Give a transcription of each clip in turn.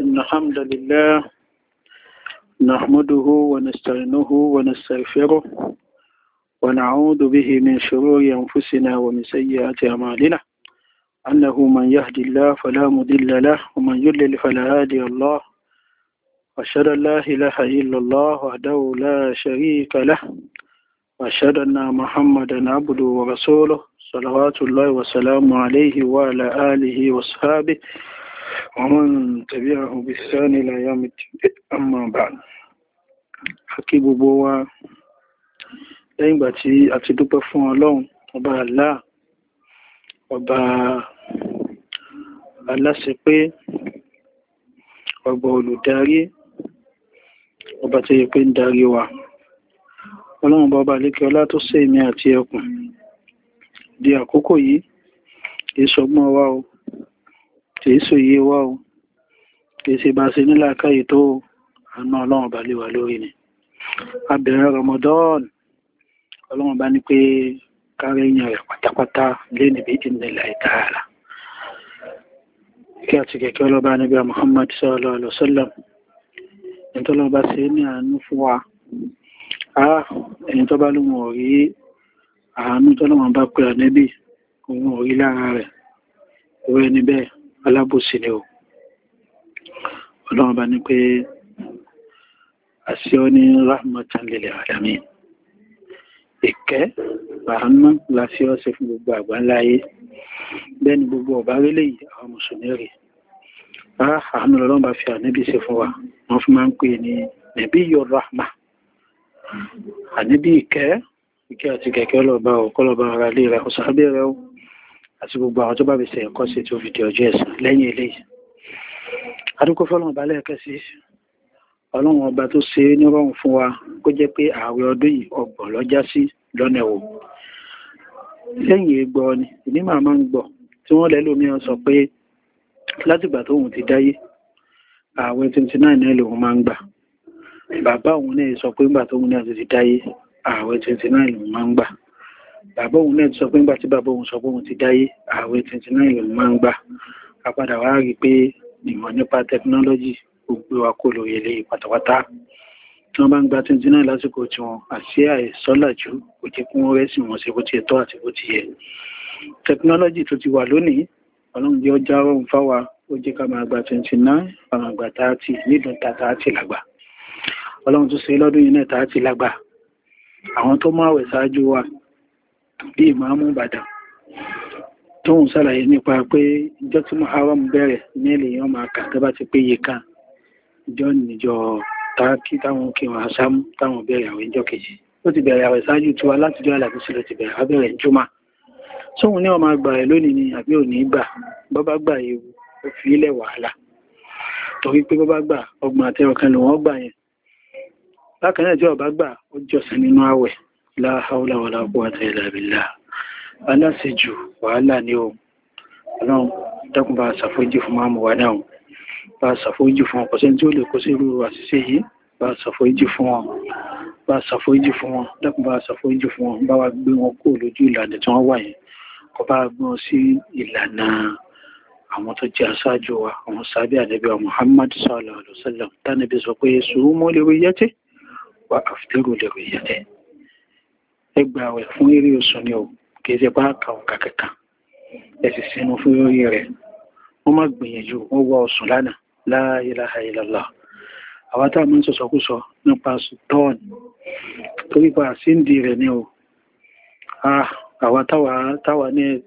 إن الحمد لله نحمده ونستعينه ونستغفره ونعوذ به من شرور أنفسنا ومن سيئات أعمالنا أنه من يهدي الله فلا مضل له ومن يضلل فلا هادي الله وأشهد الله لا إله إلا الله وحده لا شريك له وأشهد أن محمدا عبده ورسوله صلوات الله وسلامه عليه وعلى آله وصحبه ومن تبعه بالسان إلى يوم الدين أما بعد àkí gbogbo wa lẹ́yìn ìgbà tí a ti dúpẹ́ fún ọlọ́run ọba Allah ọba aláṣepé ọba olùdarí ọba tó yẹ pé ń darí wa ọlọ́run bọba lékẹ́ ọlá tó ṣe èmi àti ẹkùn di àkókò yìí kìí sọgbọ́n wa o kìí sọ yé wá o kìí ṣe bá ṣe nílà káyì tó àánú ọlọ́run bá lè wà lórí ni abẹ̀rẹ̀ Ramadan ọlọ́run bá ní pé kárí yan rẹ̀ pátápátá lé níbi ìnìlẹ̀ ìtààrà kí àti kẹ̀kẹ́ ọlọ́ba níbi Muhammad sallallahu alaihi wasallam ìtọ́lọ́ba ṣe ní àánú fún wa ẹni tó bá lóhun ọ̀rí àánú tọ́lọ́wọ́n bá pè ànẹ́bì òun ọ̀rí lára rẹ̀ òwe ni bẹ́ẹ̀ alábòsí ni o ọlọ́run bá ní pé àṣí ọ ní rahmatan lil alamin ìkẹ́ bàánú láti ọ́sẹ̀ fún gbogbo àgbà láyé bẹ́ẹ̀ni gbogbo ọ̀bá rílẹ̀ yìí àwọn mùsùlùmí rẹ̀ àánú lọ́lọ́run bá fi ànẹ́bí ṣe fún wa wọ́n fi máa ń pè ní nẹ̀bí yọ rahma ànẹ́bí ìkẹ́ ìkẹ́ àti kẹ̀kẹ́ ọlọ́ba ọ̀kọ́lọ́ba ara lè rẹ̀ ọ̀sán abẹ́rẹ́ ọ̀hún àti gbogbo àwọn tó bá fi ṣe ẹ̀kọ́ sí tí ó fi di ọjọ́ ẹ̀san lẹ́yìn eléyìí adúgbò fọlọ́run ọba lẹ́ẹ̀kẹ́ sí ọlọ́run ọba tó ṣe é nírọ̀rùn fún wa kó jẹ́ pé ààwẹ̀ ọdún yìí ọgbọ̀n lọ́jà sí lọ́nà ẹ̀wò lẹ́yìn egbọ́ ni ìní màá máa ń gbọ́ tí wọ́n lẹ́lòmíràn sọ pé látìgbà tóun ti dáyé ààwẹ̀ 29 náà lòun máa ń gbà bàbá òun náà sọ pé nígbà tóun náà ti dáyé ààwẹ̀ 29 lòun máa ń gbà bàbá òun náà ti sọ pé ńgbà tí òun sọ pé òun ti dáyé ààwẹ̀ 29 lòun máa ń gbà a padà wá rí pé ìmọ̀ nípa tẹkinọ́lọ́jì gbogbo wa kó lóye lè pátápátá tí wọ́n bá ń gba 29 lásìkò tí wọn àti àìsọ́làjú kò jẹ́ kí wọ́n rẹ́sìn wọn sí bó ti tọ́ àti bó ti yẹ tẹkinọ́lọ́jì tó ti wà lónìí ọlọ́run jẹ́ ó já rọrùn fáwa ó jẹ́ ká máa gba 29 àwọn àgbà tààtì nídùn ta tààtì lágbà ọlọ́run tó ṣe lọ́dún yìí náà tààtì lágbà àwọn tó máa wẹ̀ ṣáájú wa bí ìmáàmù Ìbàdàn tó ń sàlàyé nípa pé ìjọ tí Muharram bẹ̀rẹ̀ ní èlèyàn máa kà tó bá ti pé iye kan ìjọ níjọ táàkì táwọn kírun àṣámú táwọn bẹ̀rẹ̀ àwọn ìjọ kejì ó ti bẹ̀rẹ̀ àwẹ̀ ṣáájú tiwa látijọ́ àlàbísí ló ti bẹ̀rẹ̀ abẹ́rẹ̀ jùmọ̀ sóhun ní ọmọ àgbà rẹ̀ lónìí ni àbí òní gbà bọ́bá gbà ewu ó fi ilẹ̀ wàhálà torí pé bọ́bá gbà ọgbọ̀n àtẹ́rọ̀kan lòun ọgbà yẹn bákan náà tí ọba gbà ó jọsìn nínú àwẹ̀ láháúlà wà láàpọ̀wàtà ìlàbílà aláṣejù wàhálà ní o ọlọ́run dákun bá ṣàfójì fún máàmù wa náà bá ṣàfójì fún ọkọ̀ṣẹ́ tí ó lè kó sí irú àṣìṣe yìí bá ṣàfójì fún wọn bá ṣàfójì fún wọn bá ṣàfójì fún wọn bá wa gbé wọn kó lójú ìlànà tí wọ́n wà yẹn kọ bá gbé wọn sí ìlànà àwọn tó jẹ́ aṣáájú wa àwọn sábẹ́ ànábì wa Muhammad sallallahu alaihi wasallam tánàbí sọ pé sùúrù mọ́ lè rí yẹ́tẹ́ wa àfitẹ́rù lè rí yẹ́tẹ́ ẹgbà rẹ̀ fún eré oṣù ni ò kìí ṣe bá kà kẹta ẹ̀sì sínú fún orí rẹ̀ wọ́n má gbìyànjú wọ́n wá oṣù lánàá la ilaha illallah àwọn táà mọ́ sọ̀sọ̀kúsọ nípa tọ́ọ̀n torí pa síndì rẹ̀ ni ò ah, àwọn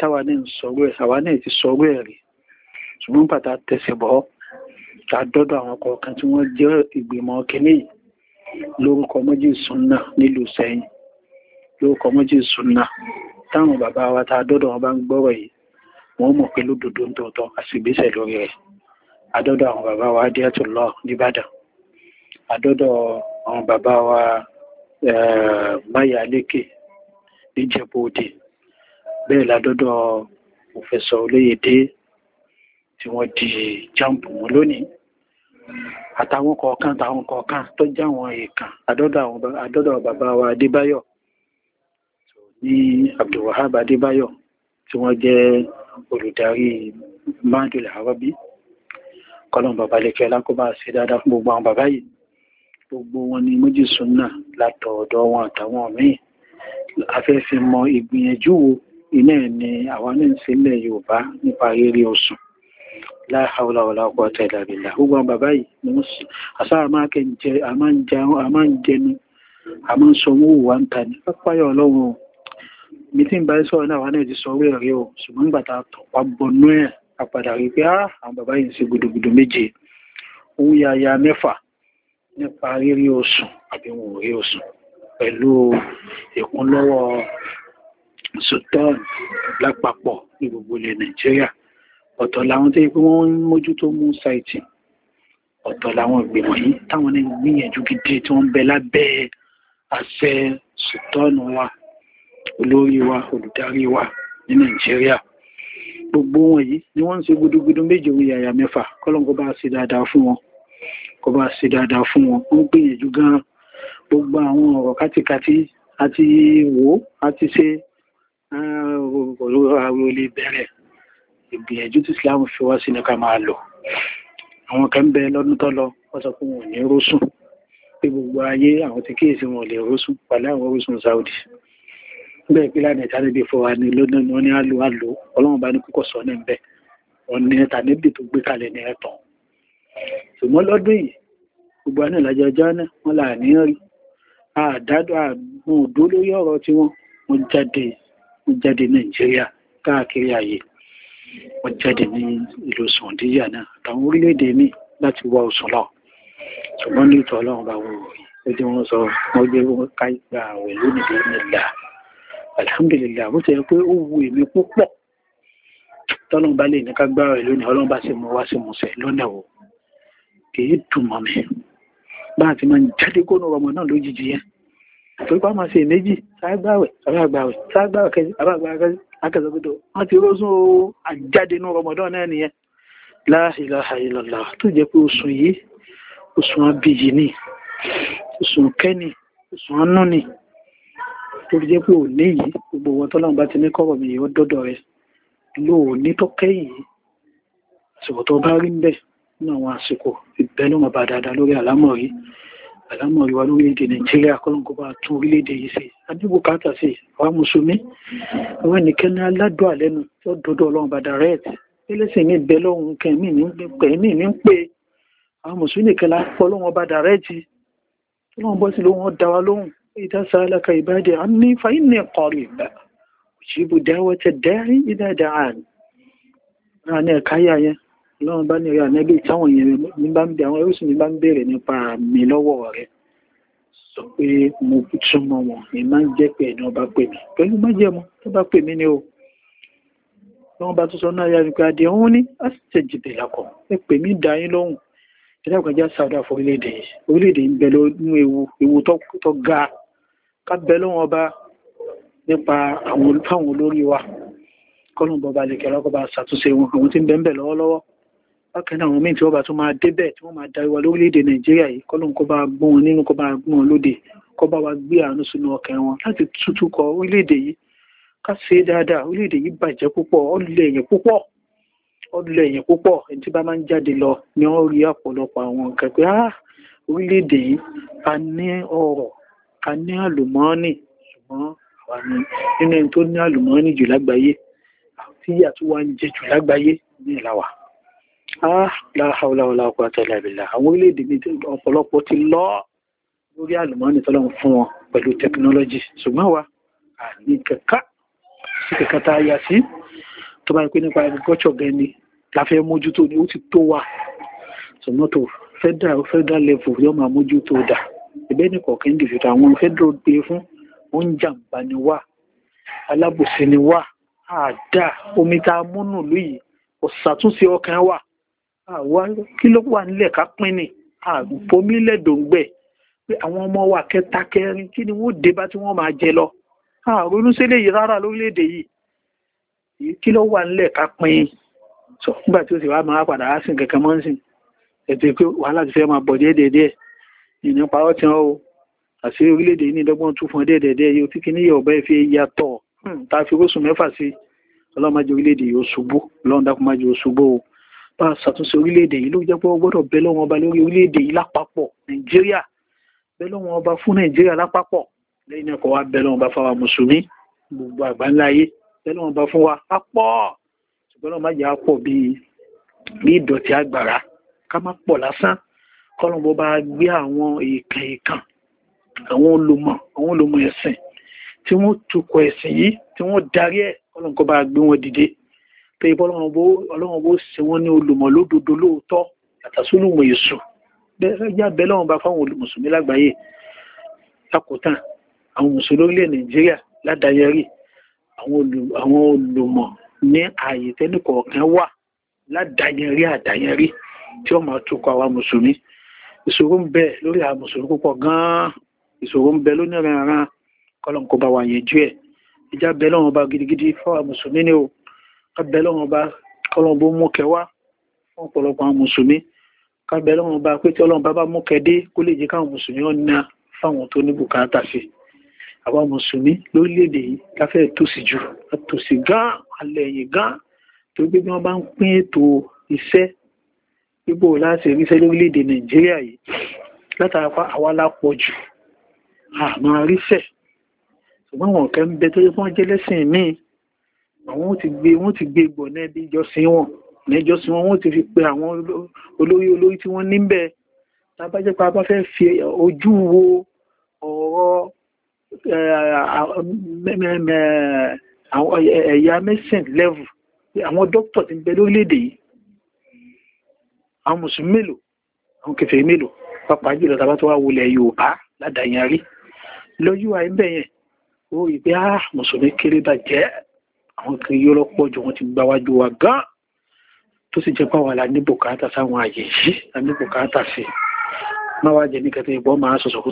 táwà ní sọ̀rọ̀ ẹ̀ àwọn náà ti sọ̀rọ̀ ẹ̀ rí ṣùgbọ́n pàtà tẹsẹ̀ bọ́ àdọ́dọ̀ àwọn kọ̀ọ̀kan tí wọ́n lórúkọ méjì sunna táwọn bàbá wa ta dọ́dọ̀ wọn bá ń gbọ́rọ̀ yìí wọ́n mọ̀ pé lódodo ń tọ̀tọ̀ àṣìgbésẹ̀ lórí rẹ̀ adọ́dọ̀ àwọn bàbá wa Adiyatullah nìbàdàn adọ́dọ̀ àwọn bàbá wa báyà lékè níjẹ̀bú òde bẹ́ẹ̀ ládọ́dọ̀ òfẹsọ̀ olóyèdè tí wọ́n di jáǹpù wọn lónìí àtàwọn kọ̀ọ̀kan tàwọn kọ̀ọ̀kan tó jáwọn èèkàn adọ́dọ̀ bàbá wa Adébáyọ̀ ní Abdulwahab Adébáyọ̀ tí wọ́n jẹ́ olùdarí Mandul Arabi kọlọ̀n bàbá lẹ́kẹ́ lákọ́bá sí dáadáa fún gbogbo àwọn bàbá yìí gbogbo wọn ni méjì súnà látọ̀ọ̀dọ̀ wọn àtàwọn míì afẹ́fẹ́ mọ ìgbìyànjú iná ẹ̀ ni àwọn ní ìsílẹ̀ Yorùbá nípa rírí oṣù la hawla wala quwwata illa billah gbogbo àwọn bàbá yìí ni wọ́n sì àṣà àmáǹjẹnu àmáǹsọ̀wọ́ wà ibi tí ń bá sọ̀rọ̀ náà wà náà ti sọ orí ẹ̀rẹ́ o ṣùgbọ́n nígbà tá a tọ̀pá bọnú ẹ̀ a padà rí pé ah, àwọn bàbá yìí ń ṣe gudugudu méje owó yaya mẹ́fà nípa rírí oṣù àbí wọn ò rí oṣù pẹ̀lú ìkúnlọ́wọ́ sultan lápapọ̀ ní gbogbo ilẹ̀ nàìjíríà ọ̀tọ̀ làwọn tó yẹ pé wọ́n ń mójútó mú ṣáìtì ọ̀tọ̀ làwọn ìgbìmọ̀ yìí táwọn náà gbìyànjú gidi tí wọ́n ń bẹ lábẹ́ àṣẹ sultan wa olórí wa olùdarí wa ní nàìjíríà gbogbo wọn yìí ni wọ́n ń ṣe gudugudu méje orí àyà mẹ́fà kọ́lọ́nkọ́ bá ṣe dáadáa fún wọn kọ́ bá ṣe dáadáa fún wọn ó ń gbìyànjú gan-an gbogbo àwọn ọ̀rọ̀ kátikati àti wò àti ṣe àrò lè bẹ̀rẹ̀ ìgbìyànjú tí Islam fi wá sí ní ká máa lò àwọn kan bẹ lọ́dún tó lọ wọ́n sọ pé wọn ò ní rósùn pé gbogbo ayé àwọn ti kíyèsí wọn ò lè rósùn pàlẹ́ àwọn rósùn Saudi bẹ́ẹ̀ pé láì nẹ̀ta níbi fọwọ́ ni lónìí ni wọ́n ní àlò àlò ọlọ́run bá ní kúkọ̀ sọ ní bẹ́ẹ̀ wọ́n ní ẹ̀ta níbi tó gbé kalẹ̀ ní ẹ̀tàn ṣùgbọ́n lọ́dún yìí gbogbo àná ìlàjọ ọjọ́ náà wọ́n là ní rí àdádọ́ àwọn òdó lórí ọ̀rọ̀ tí wọ́n wọ́n jáde wọ́n jáde nàìjíríà káàkiri àyè wọ́n jáde ní ìlú sọ̀ndíyà náà àtàwọn orílẹ̀-èdè míì láti wá oṣù lọ ṣùgbọ́n ní ìtọ́ ọlọ́run bá wọ̀ wọ́n sọ wọ́n gbé káyípa àwẹ̀ lónìí nílà alhamdulillah bó ṣe pé ó wu èmi púpọ̀ tọ́lọ́n bá lè ní ká gbára ẹ̀ lónìí ọlọ́run bá sì mú wá sí musẹ̀ lọ́nà o kìí dùnmọ̀ mi bá àti máa ń jáde kónú ọmọ náà lójijì yẹn torí pa máa ṣe méjì sáàgbàwẹ̀ sáàgbàwẹ̀ sáàgbàwẹ̀ kẹsí àbágbàwẹ̀ kẹsí akẹsọ̀gbẹ̀dọ̀ wọ́n ti rọ́sùn o àjáde inú ọmọdọ́ náà nìyẹn la ilaha illallah tó jẹ́ pé oṣù yìí oṣù abiyì ni oṣù kẹ́ni oṣù anú ni torí jẹ́ pé òní yìí gbogbo wọn tọ́lọ́run bá ti ní kọ́rọ̀ mi yìí ó dọ́dọ̀ rẹ̀ ló ní tó kẹ́yìn yìí àsìkò tó bá rí ń bẹ̀ nínú àwọn àsìkò ìbẹ́nu mọ̀ bá dáadáa lórí àlámọ̀rí àlámọ̀rí wa lórílẹ̀-èdè nàìjíríà kọ́lọ́n kó bá tún orílẹ̀-èdè yìí ṣe adébùkátà sí àwa mùsùlùmí àwọn ẹnìkan ní aládùn àlẹ́nu tó dọ́dọ̀ ọlọ́run bá direct ẹlẹ́sìn ní bẹ́ lọ́hùn kẹ́mí ní ń pè àwọn mùsùlùmí nìkan lápọ̀ ọlọ́run bá direct ọlọ́run bọ́ sí lóhun ó wa lóhùn إذا سألك عبادي عني فإني قريب أجيب دعوة الداعي إذا دعان أنا كايا lọ́wọ́n bá ní ọ̀yà nẹ́bí táwọn èèyàn mi bá ń bẹ àwọn ẹrúsìn mi bá ń bèèrè nípa mi lọ́wọ́ rẹ̀ sọ pé mo túmọ̀ wọn mi máa ń jẹ́ pé ẹ̀nà ọba pè mí pẹ̀lú má jẹ́ mọ́ tó bá pè mí ni o lọ́wọ́n bá tó sọ náà yára pé adìẹ òun ní á sì tẹ̀ jìbì lakọ̀ ẹ pè mí dá yín lóhùn ẹ̀dá àgbàjá sáadà fún orílẹ̀-èdè yìí orílẹ̀-èdè ń bẹ lọ́nú ewu ewu tó ga kábẹ̀lọ́ ọba nípa àwọn olórí wa kọ́lùn bọba lè kẹ́lọ́ kọba ṣàtúnṣe wọn àwọn tí ń bẹ̀ẹ̀ lọ́wọ́lọ́wọ́ bákanáà àwọn míì tí wọ́n bá máa débẹ̀ tí wọ́n máa darí wa lórílẹ̀-èdè nàìjíríà yìí kọ́lùn kọba gbọ́n wọn nínú kọba gbọ́n wọn lóde kọba wa gbé àánú sínú ọkàn wọn láti tútù kọ orílẹ̀-èdè yìí ká ṣe dáadáa orílẹ̀-èdè yìí bàjẹ́ púpọ̀ ọlùlẹ̀ yẹn púpọ̀ ọlùlẹ̀ yẹn púpọ̀ ẹni tí bá máa ń jáde lọ ni wọ́n rí ọ̀pọ̀lọpọ̀ àwọn a ní àlùmọ́ọ́nì ṣùgbọ́n wà ní nínú ẹni tó ní àlùmọ́ọ́nì jù lágbàáyé tí yà tó wá ń jẹ jù lágbàáyé ní ìlàwà láhàúláwọlá ọkọ̀ àtàlà ìbìlà àwọn orílẹ̀-èdè ní ọ̀pọ̀lọpọ̀ ti lọ lórí àlùmọ́ọ́nì tọ́lọ́ fún wọn pẹ̀lú tẹkinọ́lọ́jì ṣùgbọ́n wa àní kẹ̀kẹ́ sí kẹ̀kẹ́ tá a yà sí tó bá yẹ pé nípa agriculture gan ni la fẹ́ mójútó ni ó ti tó wa ṣùgbọ́n tó federal federal level yóò máa mójútó dáa ìbẹ́ni kọ̀ọ̀kan dìfìtà àwọn fẹ́dọ̀ gbé fún oúnjàmbá ni wá alábòsí ni wá àdá omi tá a múnú lóyìí ọ̀sàtúnṣe ọkàn wà àwa kí ló wà nílẹ̀ ká pín ni àbomi lẹ́dọ̀ǹgbẹ̀ pé àwọn ọmọ wa kẹta kẹrin kí ni wọ́n dé bá tí wọ́n máa jẹ lọ ronú sílé yìí rárá lórílẹ̀‐èdè yìí kí ló wà nílẹ̀ ká pín nígbà tí ó sì wá máa padà á sìn kankan mọ́ ń sìn ètò ìpé wàhálà ti fẹ́ máa bọ̀ díẹ̀ díẹ̀ ìní parọ́ ti hàn o àti orílẹ̀-èdè yìí ní ìdọ́gbọ́n tún fún dẹ́ẹ̀dẹ́ẹ̀dẹ́ yóò tí kì ní ọ̀bẹ́ fi yàtọ̀ hmm, ta fi rósù mẹ́fà sí ọlọ́mọdé orílẹ̀-èdè yóò ṣubú lọ́n dákun má jẹ́ ó ṣubú o bá a ṣàtúnṣe orílẹ̀-èdè yìí ló jẹ́ pé ó gbọ́dọ̀ bẹ lọ́wọ́n ọba lórí orílẹ̀-èdè yìí lápapọ̀ nàìjíríà bẹ lọ́wọ́n ọba fún nàìjíríà lápapọ̀ lẹ́yìn pọ̀ lásán kọ́lọ̀bọ̀ bá gbé àwọn èèkàn èèkàn àwọn olùmọ̀ àwọn olùmọ̀ ẹ̀sìn tí wọ́n tukọ̀ ẹ̀sìn yìí tí wọ́n darí ẹ̀ kọ́lọ̀kọ́ bá gbé wọn dìde pé ọlọ́run bó ṣe wọ́n ní olùmọ̀ lódodo lóòótọ́ àtàsólùmọ̀ èṣù bẹ́ẹ̀ bẹ́ẹ̀ lọ́wọ́n bá fáwọn olùmùsùlùmí lágbàáyé lákòótán àwọn mùsùlùmí lórílẹ̀ Nàìjíríà ládàáyẹrí àwọn olùmọ̀ ní ààyè tẹ́nìkọ̀ọ̀kan wà ládàáyẹrí àdáyẹrí tí ó máa tukọ̀ àwọn mùsùlùmí ìṣòro ń bẹ lórí àwọn mùsùlùmí púpọ̀ gan-an ìṣòro ń bẹ lónìí ìrìnrìn kọlọ̀n kó bá wà yẹn jú ẹ̀ ìjà bẹ lọ́wọ́n bá gidigidi fáwọn mùsùlùmí ni o kábẹ lọ́wọ́n bá kọlọ̀n bó mú kẹ wá fún ọ̀pọ̀lọpọ̀ àwọn mùsùlùmí kábẹ lọ́wọ́n bá pé tí ọlọ́run bá bá mú kẹ dé kó lè tó ní bí wọ́n bá ń pín ètò iṣẹ́ ibo láti ríṣẹ́ lórílẹ̀-èdè nàìjíríà yìí látara pa àwa la pọ̀ jù àmọ́ ríṣẹ́ ṣùgbọ́n àwọn ọ̀kẹ́ ń bẹ tó wọ́n jẹ́ lẹ́sìn míì àwọn ti gbé wọ́n ti gbé gbọ̀ náà bí ìjọsìn wọn níjọsìn wọn wọ́n ti fi pe àwọn olórí olórí tí wọ́n níbẹ̀ tábájẹ́pá bá fẹ́ fi ojú wo ọ̀rọ̀ ẹ̀yà mẹ́sìn level àwọn dókítà ti ń bẹ lórílẹ̀-èdè yìí àwọn mùsùlùmí mélòó àwọn kẹfẹ́ mélòó pàápàá jùlọ tàbá tó wá wulẹ̀ yorùbá ládàáyárí lójú àyè ń bẹ̀ yẹn ó rí pé á ah, mùsùlùmí kéré bàjẹ́ àwọn kiri yóò lọ́pọ̀ jù wọ́n ti gba wájú wa gan tó sì jẹ́ pàwọn àlà ní bùkátà sáwọn àyè yìí àní bùkátà sí máa wá jẹ ní kẹtẹ ìbọn máa sọ̀sọ̀